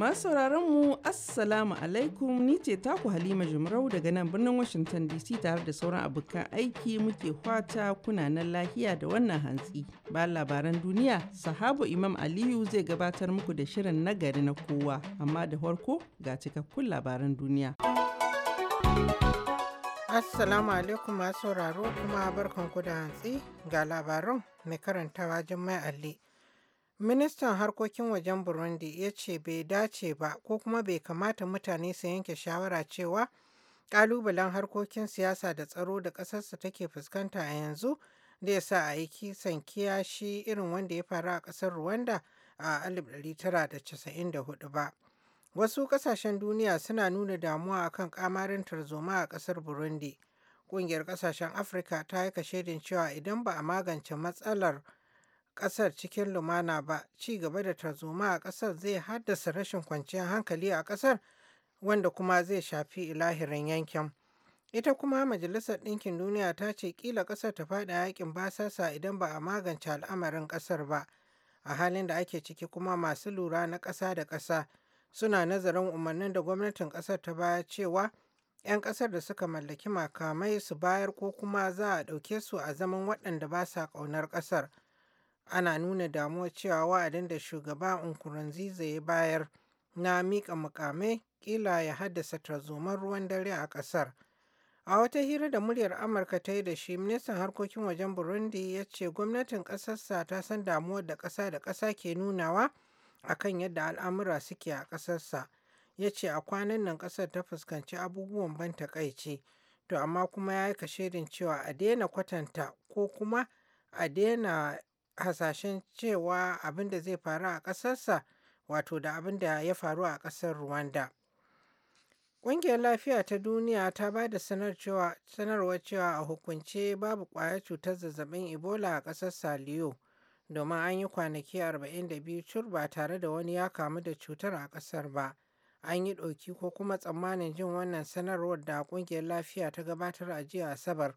Masu sauraron mu Assalamu alaikum ni ce taku Halima Jumrau daga nan birnin Washington DC tare da sauran abokan aiki muke kwata kuna nan lahiya da wannan hantsi. Ba labaran duniya, sahabu Imam Aliyu zai gabatar muku da shirin nagari na kowa, amma da farko ga cikakkun labaran duniya. Assalamu alaikum masu sauraro kuma barkanku da hantsi ga labaran mai karantawa Jummai Ali. Ministan harkokin wajen Burundi ya ce bai dace ba ko kuma bai kamata mutane su yanke shawara cewa ƙalubalen harkokin siyasa da tsaro da ƙasarsa take fuskanta a yanzu zai sa a yi kisan kiyashi irin wanda ya faru a ƙasar Rwanda a 1994 ba. Wasu ƙasashen duniya suna nuna damuwa a kan kamarin tarzoma a ƙasar Burundi. Ƙungiyar ƙasashen Afirka ta yi kashedin cewa idan ba a magance matsalar ƙasar cikin lumana ba ci gaba da tarzoma a ƙasar zai haddasa rashin kwanciyar hankali a ƙasar wanda kuma zai shafi ilahirin yankin ita kuma majalisar ɗinkin duniya ta ce kila ƙasar ta faɗi yakin basasa idan ba a magance al'amarin ƙasar ba a halin da ake ciki kuma masu lura na ƙasa da ƙasa suna nazarin umarnin da gwamnatin ƙasar ta baya cewa 'yan ƙasar da suka mallaki makamai su bayar ko kuma za a ɗauke su a zaman waɗanda ba sa ƙaunar ƙasar ana nuna damuwar cewa wa'adin da shugaba Nkurunziza ya bayar na miƙa mukamai ƙila ya haddasa tarzoman ruwan dare a ƙasar. A wata hira da muryar Amurka ta yi da shi, ministan harkokin wajen Burundi ya ce gwamnatin ƙasarsa ta san damuwar da ƙasa da ƙasa ke nunawa a kan yadda al'amura suke a ƙasarsa. Ya ce a kwanan nan ƙasar ta fuskanci abubuwan ban takaici, to amma kuma ya yi kashedin cewa a daina kwatanta ko kuma a daina hasashen cewa abin da zai faru a ƙasarsa wato da abin da ya faru a ƙasar Rwanda. Ƙungiyar Lafiya ta Duniya ta ba da sanarwar cewa a hukunce babu ƙwayar cutar zazzabin Ebola a ƙasar Saliyo domin an yi kwanaki 42 cur ba tare da wani ya kamu da cutar a ƙasar ba. An yi ɗauki ko kuma tsammanin jin wannan sanarwar da ƙungiyar lafiya ta gabatar a jiya Asabar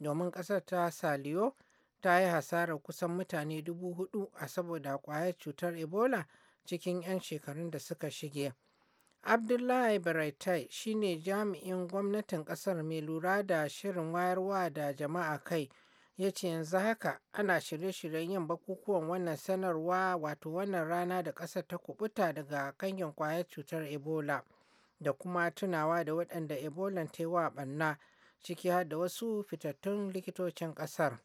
domin ƙasar ta Saliyo ta yi hasarar kusan mutane dubu hudu a saboda kwayar cutar ebola cikin 'yan shekarun da suka shige abdullahi baraitai shine jami'in gwamnatin kasar mai lura da shirin wayarwa da jama'a kai ya ce yanzu haka ana shirye-shiryen yin bakukuwan wannan sanarwa wato wannan rana da ƙasar ta kubuta daga kanyan kwayar cutar ebola da kuma tunawa da waɗanda ebola ta yi wa ɓanna ciki har da wasu fitattun likitocin ƙasar.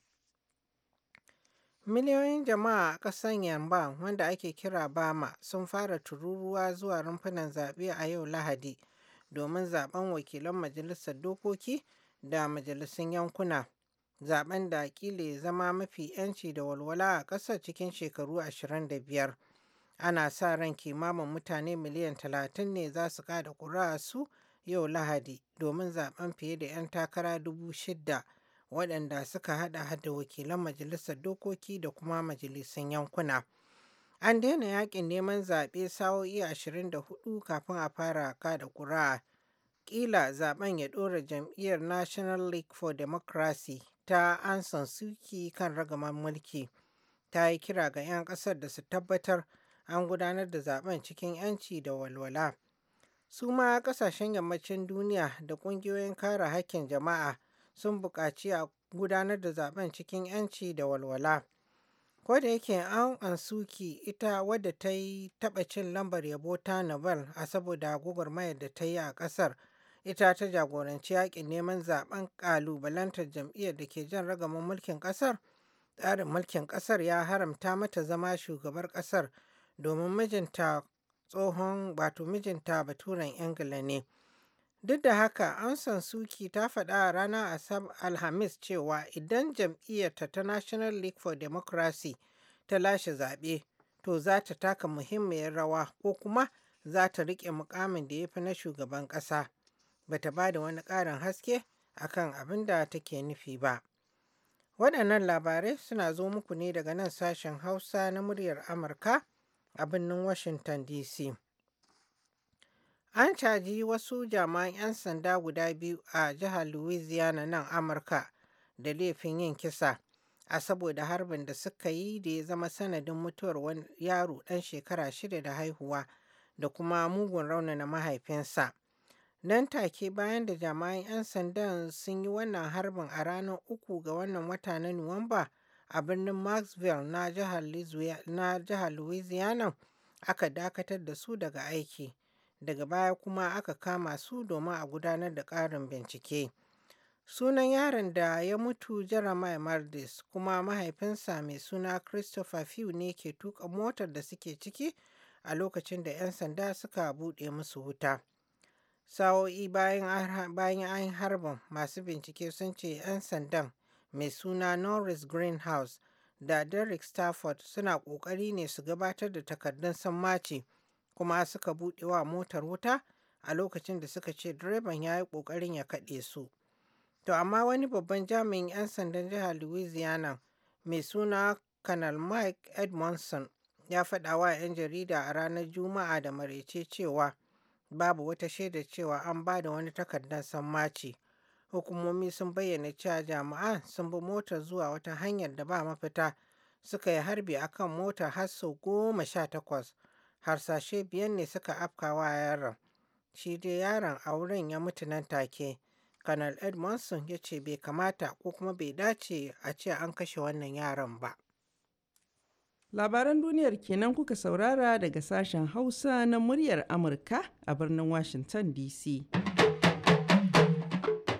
Miliyoyin jama'a a ƙasar Yamba, wanda ake kira Bama, sun fara tururuwa zuwa rumfunan zaɓe a yau Lahadi domin zaɓen wakilan majalisar dokoki da majalisun yankuna. Zaɓen da ƙila zama mafi 'yanci da walwala a ƙasar cikin shekaru 25. Ana sa ran kimanin mutane miliyan 30 ne za su kada ƙuri'a su yau Lahadi domin zaɓen fiye da 'yan takara dubu shidda waɗanda suka haɗa da wakilan majalisar dokoki da kuma majalisun yankuna. An daina yakin neman zaɓe sa'o'i 24 kafin a fara kada ƙura'a Ƙila zaɓen ya ɗora jam'iyyar National League for Democracy ta san Suki kan ragaman mulki. Ta yi kira ga 'yan ƙasar da su tabbatar an gudanar da zaɓen cikin 'yanci da walwala. Su ma ƙasashen yammacin duniya da ƙungiyoyin kare hakkin jama'a sun buƙaci a gudanar da zaben cikin 'yanci da walwala. Ko da yake an ansuki ita wadda ta yi taɓa cin lambar yabo ta Nobel a saboda gwagwarmayar da ta yi a ƙasar, ita ta jagoranci yaƙin neman zaben ƙalubalantar jam'iyyar da ke jan ragaman mulkin ƙasar. Tsarin mulkin ƙasar ya haramta mata zama shugabar ƙasar domin mijinta tsohon wato mijinta baturen Ingila ne. Duk da haka, Aung Suki ta faɗa a ranar Alhamis cewa idan jam'iyyarta ta National League for Democracy ta lashe zaɓe, to za ta taka muhimmiyar rawa ko kuma za ta riƙe mukamin da ya fi na shugaban ƙasa. Ba ta ba da wani ƙarin haske a kan abin da take nufi ba. Waɗannan labarai suna zo muku ne daga nan sashen Hausa na muryar Amurka a birnin Washington DC. An caji wasu jami'an 'yan sanda guda biyu a jihar Louisiana nan Amurka da laifin yin kisa, a saboda harbin da suka yi da ya zama sanadin mutuwar wani yaro ɗan shekara shida da haihuwa da kuma mugun na mahaifinsa. Nan take bayan da jami'an 'yan sandan sun yi wannan harbin a ranar uku ga wannan wata na Nuwamba a birnin Maxville na jihar Louisiana aka dakatar da su daga aiki. daga baya kuma aka kama su domin a gudanar da ƙarin bincike. Sunan yaron da ya mutu Jeremiah Mardis kuma mahaifinsa mai suna Christopher Few ne ke tuka motar da suke ciki a lokacin da 'yan sanda suka buɗe musu wuta. Sa'o'i bayan an harbin masu bincike sun ce 'yan sandan mai suna Norris Greenhouse da Derek Stafford suna ƙoƙari ne su gabatar da takardun mace kuma suka buɗe wa motar wuta a lokacin da suka ce direban ya yi ƙoƙarin ya kaɗe su. To amma wani babban jami'in 'yan sandan jihar Louisiana mai suna Kanal Mike Edmondson ya faɗa wa 'yan jarida a ranar Juma'a da maraice cewa babu wata shaida cewa an ba da wani takardar sammaci. Hukumomi sun bayyana cewa jama'a sun bi motar zuwa wata hanyar da ba mafita suka yi harbi akan mota har sau goma sha takwas harsashe biyan ne suka afkawa yaron shi dai yaron auren ya mutu nan take Colonel Edmondson ya ce bai kamata ko kuma bai dace a ce an kashe wannan yaron ba. Labaran duniyar kenan kuka saurara daga sashen Hausa na muryar Amurka a birnin Washington DC.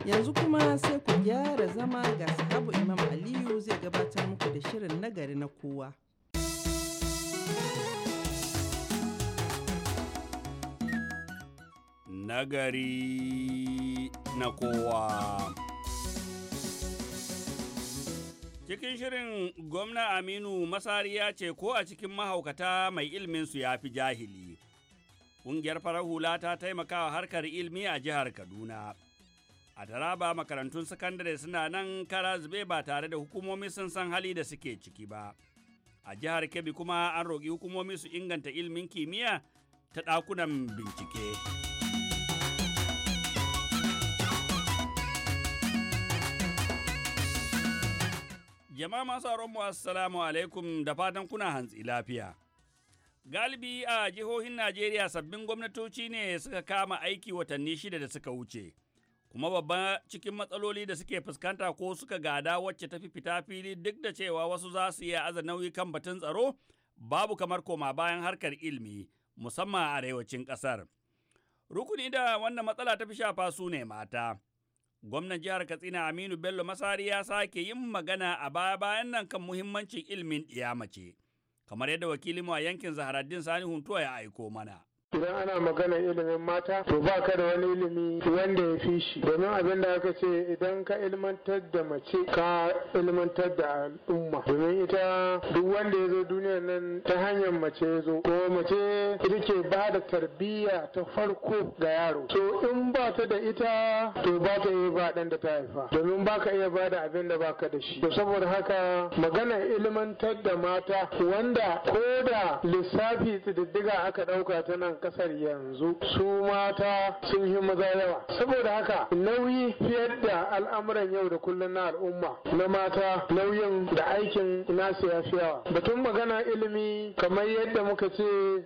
Yanzu kuma sai ku gyara zama ga sahabu Imam Aliyu zai gabatar muku da shirin nagari na kowa. nagari na kowa. Cikin shirin gwamna Aminu Masari ya ce ko a cikin mahaukata mai ilminsu ya fi jahili. Ƙungiyar farar hula ta wa harkar ilmi a jihar Kaduna. A Taraba makarantun sakandare suna nan kara zube ba tare da hukumomi sun san hali da suke ciki ba. A jihar Kebbi kuma an roƙi hukumomi su inganta ilmin kimiyya ta ɗakunan bincike. Jama'a masu mu assalamu alaikum da fatan kuna hantsi lafiya. Galibi a jihohin Najeriya sabbin gwamnatoci ne suka kama aiki watanni shida da suka wuce. Kuma babban cikin matsaloli da suke fuskanta ko suka gada wacce tafi fita fili duk da cewa wasu za su iya aza nauyi kan batun tsaro babu kamar koma bayan harkar ilimi musamman a arewacin ƙasar. Rukuni da wannan matsala ta fi shafa su ne mata. Gwamnan jihar Katsina Aminu Bello Masari ya sake yin magana a baya-bayan nan kan muhimmancin ilimin mace, kamar yadda wakilinmu a yankin Zaharaddin Sani Huntuwa ya aiko mana. idan ana magana ilimin mata to ba ka da wani ilimi wanda ya fi shi domin abin da aka ce idan ka ilmantar da mace ka ilmantar da al'umma domin ita duk wanda ya zo duniyar nan ta hanyar mace ya zo Ko mace ita ke ba da tarbiyya ta farko ga yaro to in ba ta da ita to ba ta iya ba dan da ta haifa domin ba ka iya ba da abin da ba ka da shi to saboda haka magana ilmantar da mata wanda ko da lissafi tsididdiga aka ɗauka ta nan kasar yanzu su mata sun yi maza yawa saboda haka nauyi fiyar da al'amuran yau da kullum na al'umma na mata nauyin da aikin nasu ya fi yawa batun magana ilimi kamar yadda muka ce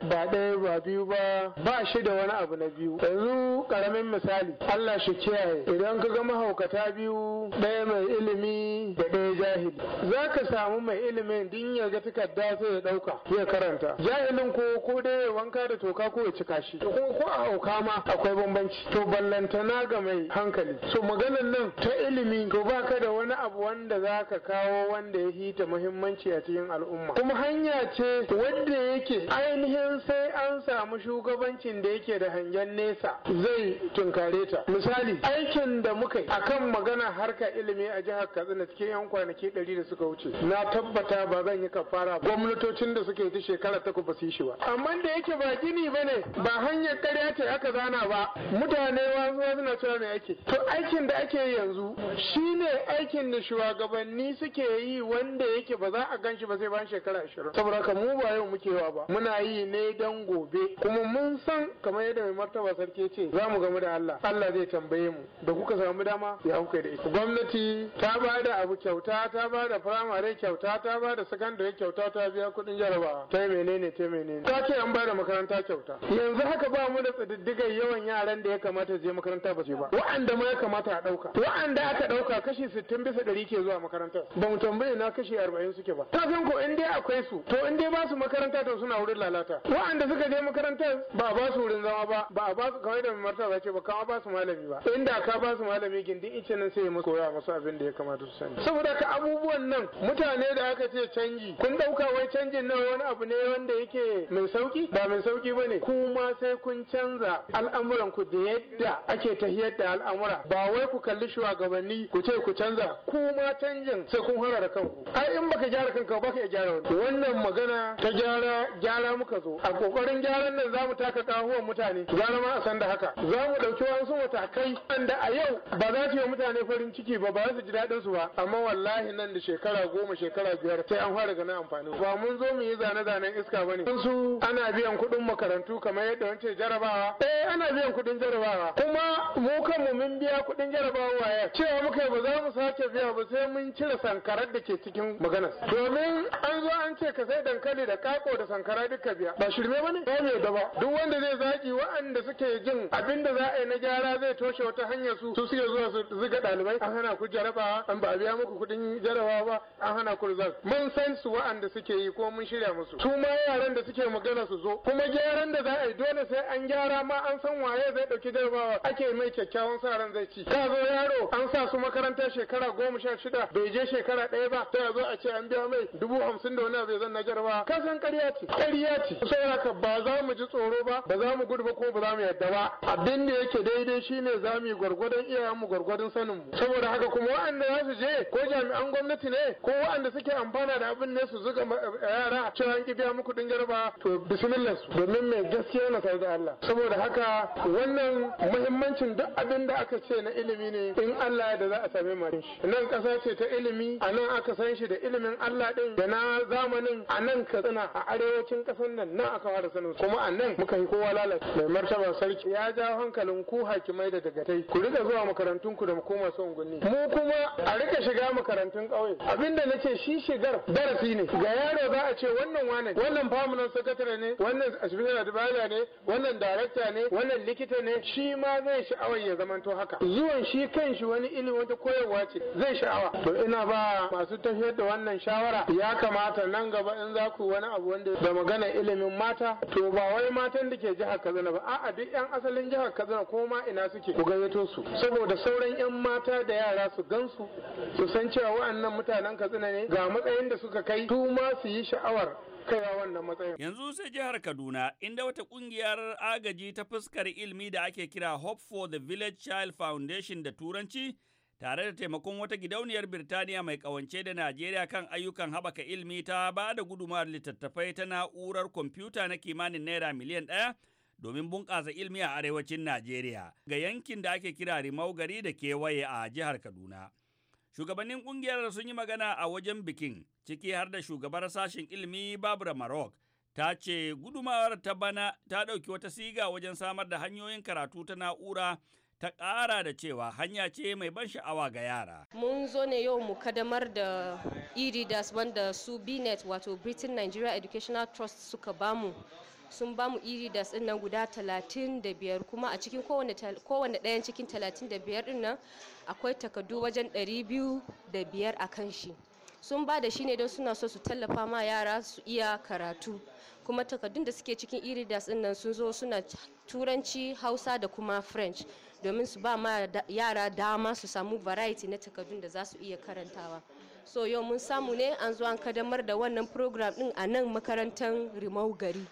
ba ɗaya ba biyu ba ba shi da wani abu na biyu yanzu karamin misali Allah shi kiyaye idan ka ga mahaukata biyu ɗaya mai ilimi da ɗaya jahili za ka samu mai ilimin din ya ga takarda sai ya ɗauka ya karanta jahilin ko ko dai wanka da toka ko ya cika shi ko ko a hauka ma akwai bambanci to ballantana ga mai hankali so maganar nan ta ilimi to baka da wani abu wanda zaka kawo wanda ya hita muhimmanci a cikin al'umma kuma hanya ce wanda yake ainihin sai an samu shugabancin da yake da hangen nesa zai tunkare ta misali aikin da muka yi akan magana harka ilimi a jihar katsina cikin yan kwanaki ɗari da suka wuce na tabbata ba zan yi kafara gwamnatocin da suke ta shekara takwas ba su yi shi ba amma da yake ba gini bane ne ba hanyar karya ce aka zana ba mutane wasu suna cewa me yake to aikin da ake yanzu shine aikin da shugabanni suke yi wanda yake ba za a gan shi ba sai bayan shekara ashirin saboda haka mu ba yau muke wa ba muna yi ne dan gobe kuma mun san kamar yadda mai martaba sarki ce za mu gamu da Allah Allah zai tambaye mu da kuka samu dama ya kuka da ita gwamnati ta ba da abu kyauta ta ba da firamare kyauta ta ba da sakandare kyauta ta biya kuɗin jarabawa ta menene ta menene ta ce an ba da makaranta kyauta yanzu haka ba mu da tsididdigar yawan yaran da ya kamata je makaranta ba ce ba wa'anda ma ya kamata a ɗauka wa'anda aka ɗauka kashi sittin bisa ɗari ke zuwa makaranta ba mu tambaye na kashi arba'in suke ba kafin ko in dai akwai su to in dai ba su makaranta to suna wurin lalata wa'anda suka je makaranta ba ba su wurin zama ba ba ba su kawai da za ce ba kama ba su malami ba inda ka ba su malami gindin ice nan sai musu koya musu abin da ya kamata su sani saboda ka abubuwan nan mutane da aka ce canji kun ɗauka wai canjin nan wani abu ne wanda yake mai sauki ba mai sauki ba ne kuma sai kun canza al'amuran ku da yadda ake tahiyar da al'amura ba wai ku kalli shugabanni ku ce ku canza kuma canjin sai kun hura da kanku ai in baka gyara kanka baka iya gyara wani wannan magana ta gyara gyara muka zo a kokarin gyaran nan zamu taka kahuwan mutane gyara ma a san da haka zamu dauki wasu matakai wanda a yau ba za su yi mutane farin ciki ba ba za su ji daɗin su ba amma wallahi nan da shekara goma shekara biyar sai an fara ganin amfani ba mun zo mu yi zane-zanen iska bane su ana biyan kuɗin makarantu kamar yadda wance jarabawa eh ana biyan kudin jarabawa kuma mu mu mun biya kuɗin jarabawa waya cewa muka ba za mu sake biya ba sai mun cire sankarar da ke cikin maganar domin an zo an ce ka sai dankali da kako da sankara duka biya ba shirme bane ba ne da ba duk wanda zai zaki waanda suke jin abinda da za a yi na gyara zai toshe wata hanyar su su suke zuwa su ziga ɗalibai an hana ku jarabawa an ba biya muku kuɗin jarabawa ba an hana ku rizal. mun san su waɗanda suke yi ko mun shirya musu su ma yaran da suke magana su zo kuma gyaran da za ai dole sai an gyara ma an san waye zai dauki jarabawa ake mai kyakkyawan sa ran zai ci ka zo yaro an sa su makarantar shekara goma sha shida bai je shekara ɗaya ba Ta zo a ce an biya mai dubu hamsin da wani abu zan na jarabawa ka san ƙarya ce ƙarya ce saboda ba za mu ji tsoro ba ba za mu gudu ba ko ba za mu yadda ba abin da yake daidai shine za mu yi gwargwadon iyayenmu gwargwadon sanin mu saboda haka kuma waɗanda za su je ko jami'an gwamnati ne ko waɗanda suke amfana da abin ne su zuga eh, yara cewa an ki biya muku ɗin jarabawa to bismillah domin mai gaskiya na kai da Allah saboda haka wannan muhimmancin duk abin da aka ce na ilimi ne in Allah ya da za a same mu nan kasa ce ta ilimi a nan aka san shi da ilimin Allah din da na zamanin a nan ka Katsina a arewacin kasar nan nan aka fara sanu kuma a nan muka yi kowa lalace mai martaba sarki ya ja hankalin ku hakimai da dagatai ku rika zuwa makarantun ku da ku son gunni mu kuma a rika shiga makarantun ƙauye abinda nace shi shigar darasi ne ga yaro za a ce wannan wane wannan famunan sakatare ne wannan asibiti da pilot ne wannan darakta ne wannan likita ne shi ma zai sha'awar ya zamanto haka zuwan shi kanshi wani ilimi wata koyarwa ce zai sha'awa to ina ba masu tafiyar da wannan shawara ya kamata nan gaba in za ku wani abu wanda da magana ilimin mata to ba wai matan da ke jihar Kaduna ba a'a duk yan asalin jihar Kaduna ko ma ina suke ku gayyato su saboda sauran yan mata da yara su gansu su san cewa wa'annan mutanen Kaduna ne ga matsayin da suka kai su ma su yi sha'awar Yanzu sai jihar Kaduna inda wata kungiyar agaji ta fuskar ilimi da ake kira Hope for the Village Child Foundation da Turanci tare da taimakon wata gidauniyar Birtaniya mai kawance da Najeriya kan ayyukan haɓaka ilimi ta ba da gudumar littattafai ta na'urar kwamfuta na kimanin naira miliyan ɗaya domin bunƙasa ilimi a arewacin Najeriya ga yankin da ake kira Rimau gari da kewaye a jihar Kaduna. Shugabannin ƙungiyar sun yi magana a wajen bikin, ciki har da shugabar sashen ilimi Babura Marok, ta ce gudumawar ta bana ta ɗauki wata siga wajen samar da hanyoyin karatu ta na'ura ta ƙara da cewa hanya ce mai ban sha'awa ga yara. Mun zo ne yau mu kadamar da e wanda su BNet wato Britain Nigeria Educational Trust suka bamu sun ba mu iri da nan guda 35 kuma a cikin kowane ɗayan cikin 35 din nan akwai takardu wajen 205 a kan shi sun ba da shi ne don suna so su tallafa ma yara su iya karatu kuma takardun da suke cikin iridas din nan sun zo suna turanci hausa da kuma french domin su ba ma yara dama su samu variety na takardun da za su iya karantawa so yau mun samu ne an zo an kadamar da wannan program din a nan makarantar rimau gari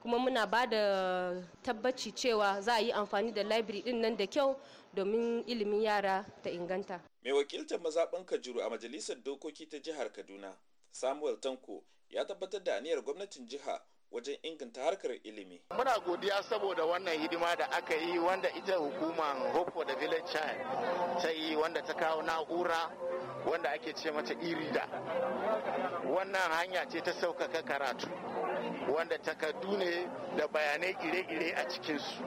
kuma muna ba da tabbaci cewa za a yi amfani da library din nan da kyau domin ilimin yara ta inganta. Mai wakiltar mazaɓin Kajuru a Majalisar Dokoki ta Jihar Kaduna, Samuel Tanko, ya tabbatar da aniyar gwamnatin jiha wajen inganta harkar ilimi. Muna godiya saboda wannan hidima da aka yi wanda ita hukumar Hope for the Village Child ta yi wanda ta kawo na'ura wanda ake ce mata irida. Wannan hanya ce ta sauƙaƙa karatu. wanda takardu ne da bayanai ire-ire a cikinsu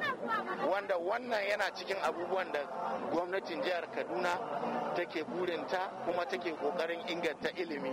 wanda wannan yana cikin abubuwan da gwamnatin jihar kaduna take burinta kuma take kokarin inganta ilimi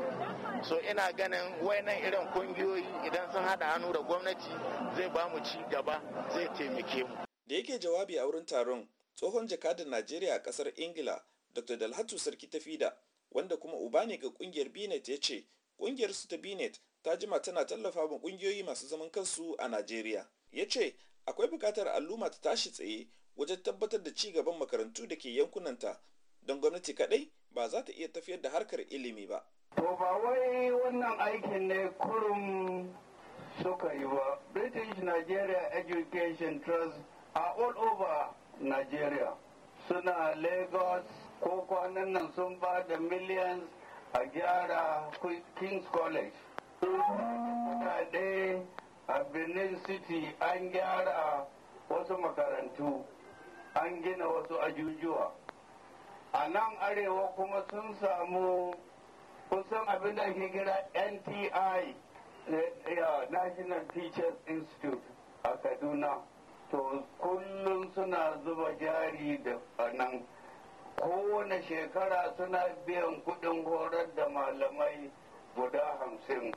so ina ganin wainan irin kungiyoyi idan sun haɗa hannu da gwamnati zai ba mu ci gaba zai taimake mu da yake jawabi a wurin taron tsohon jakadar najeriya a kasar ingila dr dalhatu sarki tafida wanda kuma uba ne ga kungiyar binet ya ce kungiyar su ta binet ta tana tallafa wa ƙungiyoyi masu zaman kansu a Najeriya. Ya ce akwai bukatar al'umma ta tashi tsaye wajen tabbatar da ci gaban makarantu da ke yankunanta don gwamnati kaɗai ba za ta iya tafiyar da harkar ilimi ba. To ba wai wannan aikin ne kurum suka yi ba. British Nigeria Education Trust a all over Nigeria. Suna Lagos ko kwanan nan sun ba da millions a gyara King's College. kaɗe a Benin city an gyara wasu makarantu an gina wasu ajujuwa a nan arewa kuma sun samu kusan abin da ake kira nti eh, national teachers institute a kaduna to kullum suna zuba jari da nan kowane shekara suna biyan kudin horar da malamai guda hamsin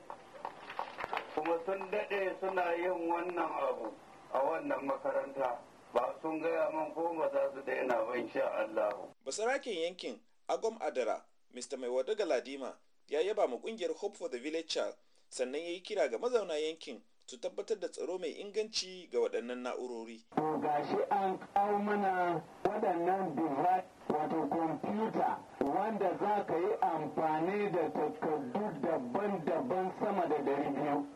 kuma sun daɗe suna yin wannan abu a wannan makaranta ba sun gaya man ko ba za su daina ban sha Allah. basarakin yankin agom adara mr mai galadima ya yaba ma kungiyar hope for the village child sannan ya yi kira ga mazauna yankin su tabbatar da tsaro mai inganci ga waɗannan na'urori. gashi an kawo mana waɗannan device wato kwamfuta wanda za ka yi amfani da takardu daban-daban sama da ɗari biyu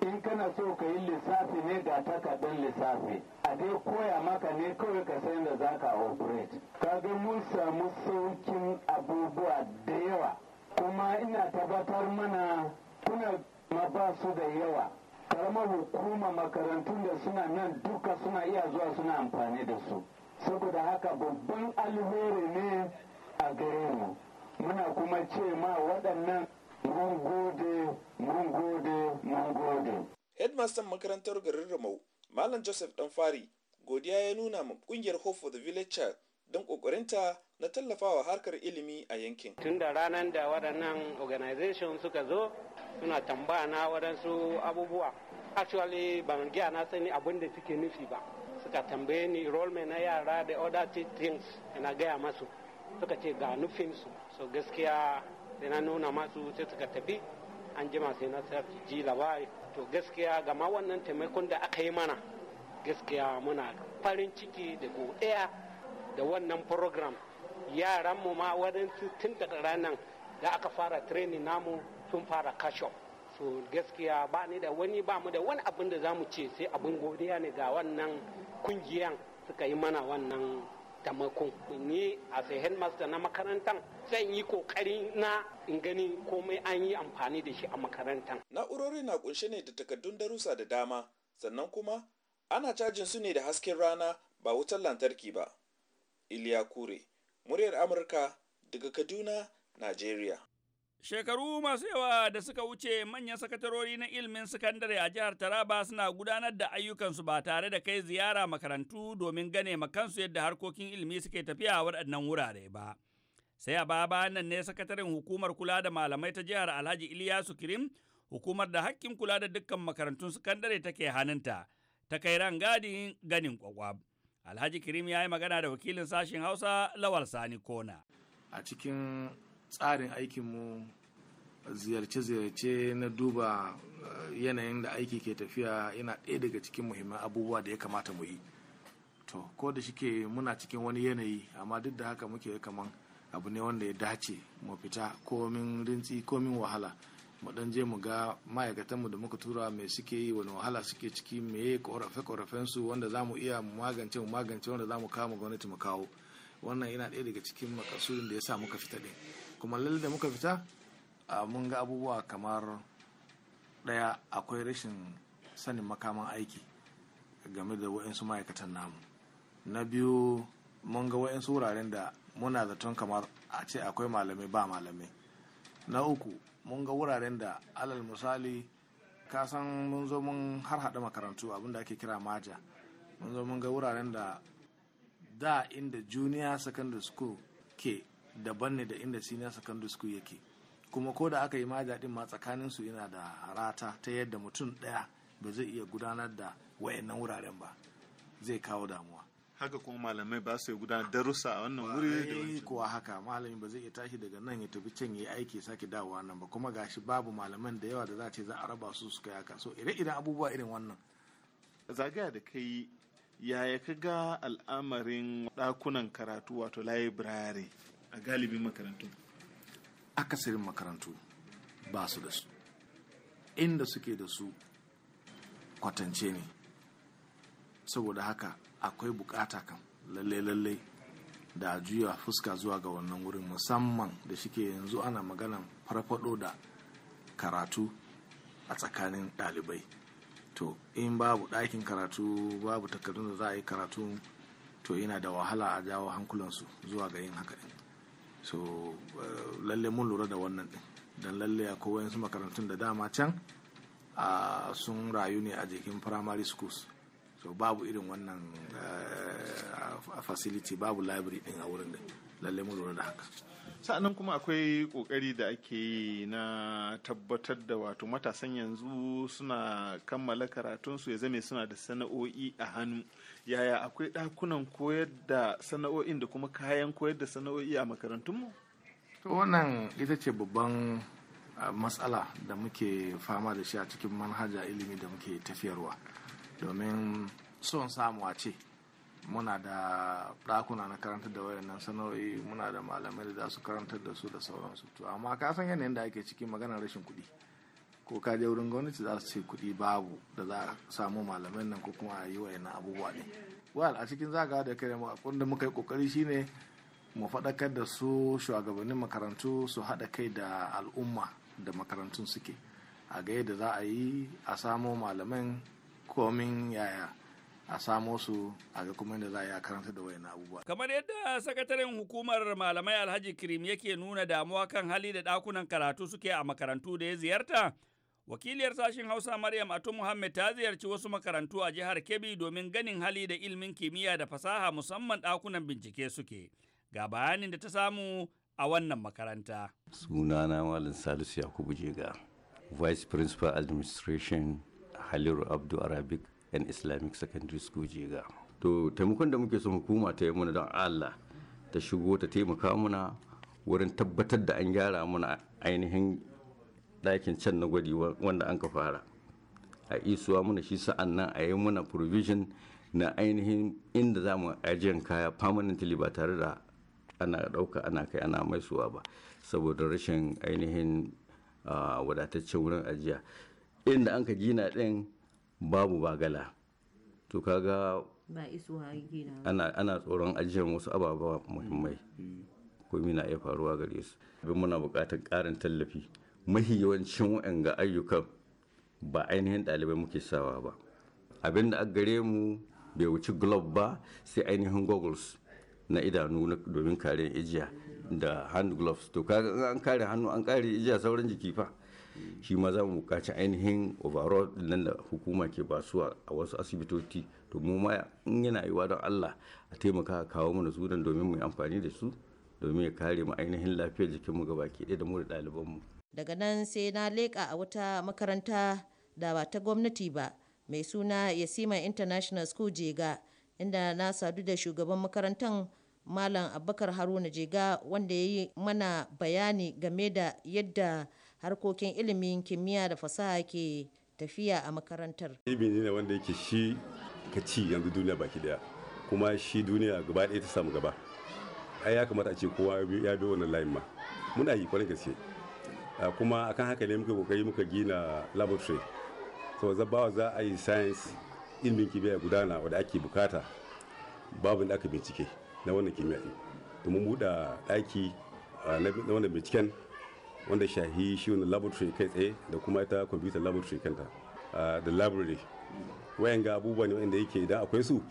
in kana so ka yi lissafi ne ga takardun lissafi a dai koya maka ne kawai ka san da za ka operate ga mun samu saukin abubuwa da yawa kuma ina tabbatar mana kuna ma ba su da yawa karamar hukuma makarantun da suna nan duka suna iya zuwa suna amfani da su saboda haka babban alheri ne a gare mu muna kuma ce ma waɗannan mun gode mun gode mun gode headmaster makarantar garin ramau malam joseph Fari godiya ya nuna ma kungiyar hope for the village don kokarinta na tallafawa harkar ilimi a yankin Tunda ranar da waɗannan organization suka zo suna tambaya na waɗansu abubuwa actually ban giya na sani abin da suke nufi ba suka tambaye ni enrollment na yara da other things na gaya masu suka ce ga su so gaskiya sai na nuna masu sai suka tafi an jima sai na ji labari to gaskiya gama wannan taimakon da aka yi mana gaskiya muna farin ciki da godiya da wannan program mu ma waɗansu tun daga ranar da aka fara training namu sun fara kashop so gaskiya ba ni da wani ba mu da wani abin da za mu ce sai abin godiya ne ga wannan kungiyan suka yi mana wannan tamakon ni a sai headmaster na makarantar zan yi kokari na in gani komai an yi amfani da shi a makarantar na'urori na kunshe ne da takardun darussa da dama sannan kuma ana cajin su ne da hasken rana ba wutar lantarki ba iliya kure muryar amurka daga kaduna najeriya Shekaru masu yawa da suka wuce manyan sakatarori na ilimin sakandare a jihar Taraba suna gudanar da ayyukansu ba tare da kai ziyara makarantu domin gane makansu yadda harkokin ilimi suke tafiya a waɗannan wurare ba. Sai a baba nan ne sakatarin hukumar kula da malamai ta jihar Alhaji Iliyasu Kirim, hukumar da hakkin kula da dukkan makarantun sakandare take hannunta, ta kai ran gadin ganin kwakwab. Alhaji Kirim ya yi magana da wakilin sashen Hausa Lawal Sani Kona. A cikin tsarin aikinmu ziyarce-ziyarce na duba eh, yanayin da aiki ke tafiya yana ɗaya daga cikin muhimman abubuwa da ya kamata mu yi to ko da shike muna cikin wani yanayi amma duk da haka muke kaman abu ne wanda ya dace mu fita komin rintsi komin wahala mu dan je mu ga ma'aikatanmu da muka tura me suke yi wani wahala suke ciki meye korafe korafen su wanda zamu iya mu magance mu magance wanda zamu kawo mu gwamnati mu kawo wannan yana ɗaya daga cikin makasudin da ya sa muka fita ɗin kuma lalle da muka fita mun ga abubuwa kamar ɗaya akwai rashin sanin makaman aiki game da wa'insu ma'aikatan namu na biyu mun ga wa'insu wuraren da muna zaton kamar a ce akwai malami ba malamai na uku mun ga wuraren da alal misali ka san mun zo mun har haɗa makarantu abinda ake kira maja mun zo mun ga wuraren da da inda junior secondary school ke daban ne da inda senior secondary school yake kuma ko da aka yi ma din ma tsakanin su yana da rata ta yadda mutum ɗaya ba zai iya gudanar da wayannan wuraren ba zai kawo damuwa haka kuma malamai ba su gudanar darussa a wannan wuri da kuwa haka malami ba zai iya tashi daga nan ya tafi can yayi aiki sake dawowa nan ba kuma gashi babu malaman da yawa da za ce za a raba su su kai haka so ire-iren abubuwa irin wannan zagaya da kai yaya ka ga al'amarin ɗakunan karatu wato library a galibin makarantu akasarin makarantu ba su da su inda suke da su kwatance ne saboda haka akwai bukata kan lalle-lalle da juya fuska zuwa ga wannan wurin musamman da shike yanzu ana maganan farfado da karatu a tsakanin ɗalibai to in babu ɗakin karatu babu takardun da za a yi karatu to yana da wahala a jawo hankulansu zuwa ga yin haka so eh, lalle mun lura da wannan din dan lalle akwai wayansu makarantun da dama can a sun rayu ne a jikin primary schools so babu irin wannan eh, facility babu library din a wurin da lalle mun lura da haka sa'annan kuma akwai kokari da ake yi na tabbatar da wato matasan yanzu suna kammala karatun su ya zame suna da sana'o'i a hannu yaya akwai ɗakunan koyar da sana'o'in da kuma kayan koyar da sana'o'i a makarantunmu to wannan ita ce babban matsala da muke fama da shi a cikin manhaja ilimi da muke tafiyarwa domin son samuwa ce muna da ɗakuna na karantar da wayannan sana'o'i muna da malamai da za su karantar da su da sauransu to amma ka san yanayin da ake ciki maganar rashin kuɗi ko ka je wurin gwamnati za su ce kuɗi babu da za a samu malamai nan ko kuma a yi wayannan abubuwa ne wal a cikin zagaya da kare mu abin da muka yi kokari shine mu faɗakar da su shugabannin makarantu su haɗa kai da al'umma da makarantun suke a ga yadda za a yi a samo malamai komin yaya a samo su a ga kuma yadda za a yi a karanta da wayan abubuwa. Kamar yadda sakataren hukumar malamai Alhaji Kirim yake nuna damuwa kan hali da ɗakunan karatu suke a makarantu da ya ziyarta, wakiliyar sashen Hausa Maryam Atu muhammed ta ziyarci wasu makarantu a jihar Kebbi domin ganin hali da ilimin kimiyya da fasaha musamman ɗakunan bincike suke. Ga bayanin da ta samu a wannan makaranta. Sunana Malam Salisu Yakubu Jega, Vice Principal Administration Haliru Abdu Arabic yan islamic secondary school jega to taimakon da muke so hukuma ta yi mana don allah ta shigo ta taimaka mana wurin tabbatar da an gyara mana ainihin ɗakin can na gwadi wanda an ka fara a isuwa mana shi sa'an nan a yi mana provision na ainihin inda za mu ajiyar kaya permanently ba tare da ana ɗauka ana kai ana maisuwa ba saboda rashin ainihin ah, wadataccen wurin ajiya inda an ka gina ɗin babu bagala to kaga ba ana ana tsoron ajiyar wasu ababa muhimmai komi na iya faruwa gare su abin muna bukatar ƙarin tallafi mahi yawancin ga ayyukan ba ainihin ɗalibai muke sawa ba abin da gare mu bai wuci glove ba sai ainihin goggles na idanu domin kare ijiya da hand gloves to kaga an kare hannu an kare ijiya sauran jiki fa shi ma za mu buƙaci ainihin overall nan da hukuma ke basuwa a wasu asibitoci to mu ma in yana yiwa don Allah a taimaka kawo mana su domin mu yi amfani da su domin ya kare mu ainihin lafiyar jikinmu gaba ke da mu da ɗalibanmu. Daga nan sai na leƙa a wata makaranta da ba ta gwamnati ba mai suna Yasima International School Jega inda na sadu da shugaban makarantar Malam Abubakar Haruna Jega wanda ya yi mana bayani game da yadda harkokin ilimin kimiyya da fasaha ke tafiya a makarantar. Ilimi ne wanda yake shi ka ci yanzu duniya baki daya kuma shi duniya gaba ɗaya ta samu gaba. Ai ya kamata a ce kowa ya bi wannan layin ma. Muna yi kwarai gaske. Kuma akan haka ne muka kokari muka gina laboratory. So zabawa za a yi science ilimin kimiyya gudana wanda ake bukata babu da aka bincike na wannan kimiyya. Domin buɗe ɗaki na wannan binciken wanda shahi shi wani laboratory kai tsaye da kuma ita computer laboratory kanta da library wayan ga abubuwa ne wanda yake idan akwai su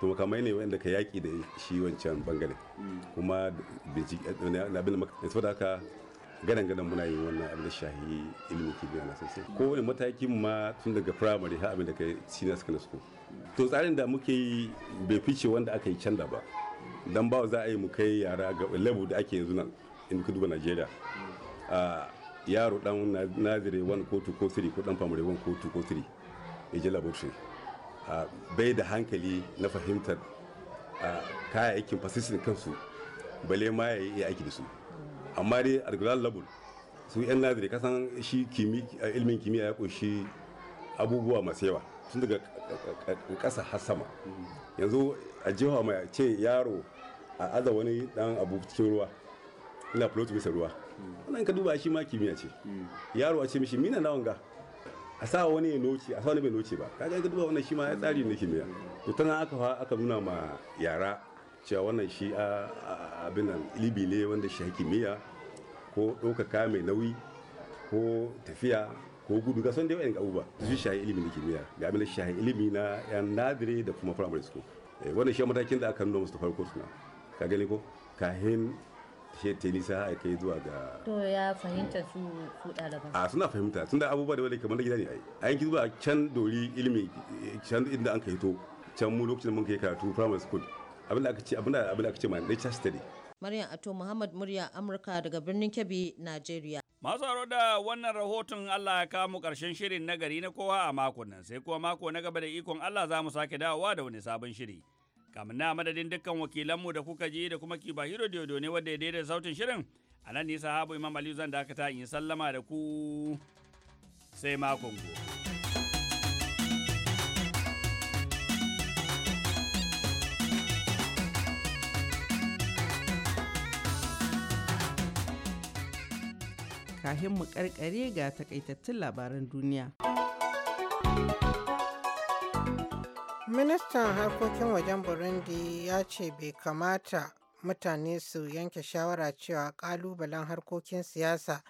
to makamai ne wanda ka yaki da shi wancan bangare kuma na bin da saboda haka gadan gadan muna yin wannan abin da shahi ilimin kimiyya na sosai ko wani mataki ma tun daga primary har abin da kai senior secondary school to tsarin da muke yi bai fice wanda aka yi canza ba dan ba za a yi mu kai yara ga level da ake yanzu nan in ka duba Najeriya yaro dan nadire wani ko ko firi ko dan famare wani ko ko firi ya ji laboratory bai da hankali na fahimtar kaya aikin fasisin kansu bale ma ya yi aiki da su amma dai a regular level su yan nadire kasan shi ilmin kimiyya ya kunshi abubuwa masu yawa tun daga kasa har sama yanzu a jiha mai ce yaro a aza wani dan abu cikin ruwa ina float bisa ruwa wannan ka duba shi ma kimiyya ce yaro a ce mishi mina na wanga a sa wani ya noce a sa wani bai noce ba kaga ka duba wannan shi ma ya tsari na kimiyya to tana aka aka nuna ma yara cewa wannan shi abin nan libi ne wanda shi kimiyya ko ɗaukaka mai nauyi ko tafiya ko gudu ga son dai wa'in abubuwa su shahi ilimi na kimiyya ga abin da shahi ilimi na yan nadire da kuma primary school eh, wannan shi matakin da aka nuna musu farko suna ka gani ko kahin she tenisa har kai zuwa ga to ya fahimta su su ɗaliban a suna fahimta tunda abubuwa da wani kamar na gida ne ai an ki zuwa can dori ilimi can inda an kai to can mu lokacin mun kai karatu primary school abin da aka ce abin da abin da aka ce ma nature study Maryam Ato Muhammad murya Amurka daga birnin Kebbi Najeriya Masu haro da wannan rahoton Allah ya kamu karshen shirin na gari na kowa a makon nan sai kuma mako na gaba da ikon Allah za mu sake dawowa da wani sabon shiri. kamar na madadin dukkan wakilanmu da kuka ji da kuma Kibahiro Diodo ne wadda ya daidai sautin shirin. A nan nisa habu Imam Aliyu zan dakata in sallama da ku sai makon gobe. kahin mu karkare ga takaitattun labaran duniya. ministan harkokin wajen burundi ya ce bai kamata mutane su yanke shawara cewa kalubalen harkokin siyasa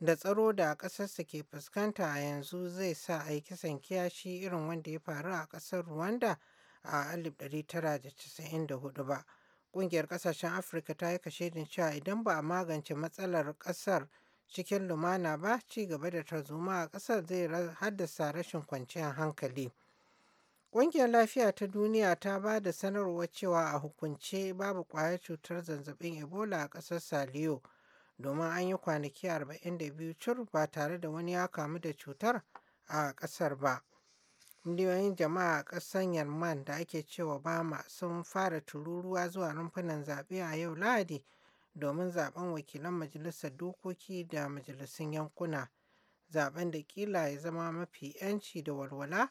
da tsaro da ƙasarsa ke fuskanta a yanzu zai sa a yi kisan kiyashi irin wanda ya faru a ƙasar rwanda a 1994 ba ƙungiyar ƙasashen afirka ta yi kashedin cewa idan ba a magance matsalar ƙasar cikin lumana ba ci gaba da tarzoma a ƙasar zai haddasa rashin kwanciyar hankali. Ƙungiyar Lafiya ta Duniya ta ba da sanarwa cewa a hukunce babu ƙwayar cutar zazzabin Ebola a ƙasar Saliyo domin an yi kwanaki 42 cur ba tare da wani ya kamu da cutar a ƙasar ba. Miliyoyin jama'a a ƙasar Yarman da ake cewa Bama sun fara tururuwa zuwa rumfunan zaɓe a yau Lahadi domin zaɓen wakilan majalisar dokoki da majalisun yankuna. Zaɓen da ƙila ya zama mafi 'yanci da walwala